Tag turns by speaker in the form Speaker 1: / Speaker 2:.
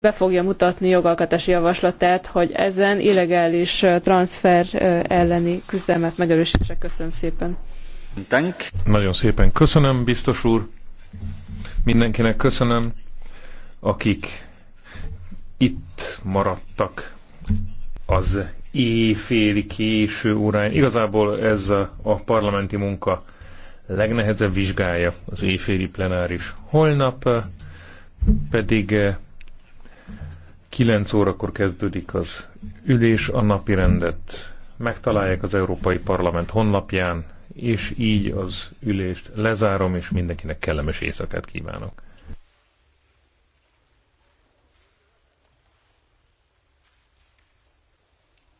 Speaker 1: be fogja mutatni jogalkotási javaslatát, hogy ezen illegális transfer elleni küzdelmet megerősítse. Köszönöm szépen.
Speaker 2: Thank.
Speaker 3: Nagyon szépen köszönöm,
Speaker 4: biztos úr. Mindenkinek köszönöm, akik itt maradtak az éjféli késő óráin. Igazából ez a parlamenti munka legnehezebb vizsgája, az éjféli plenáris. Holnap pedig 9 órakor kezdődik az ülés, a napi rendet megtalálják az Európai Parlament honlapján, és így az ülést lezárom, és mindenkinek kellemes éjszakát kívánok.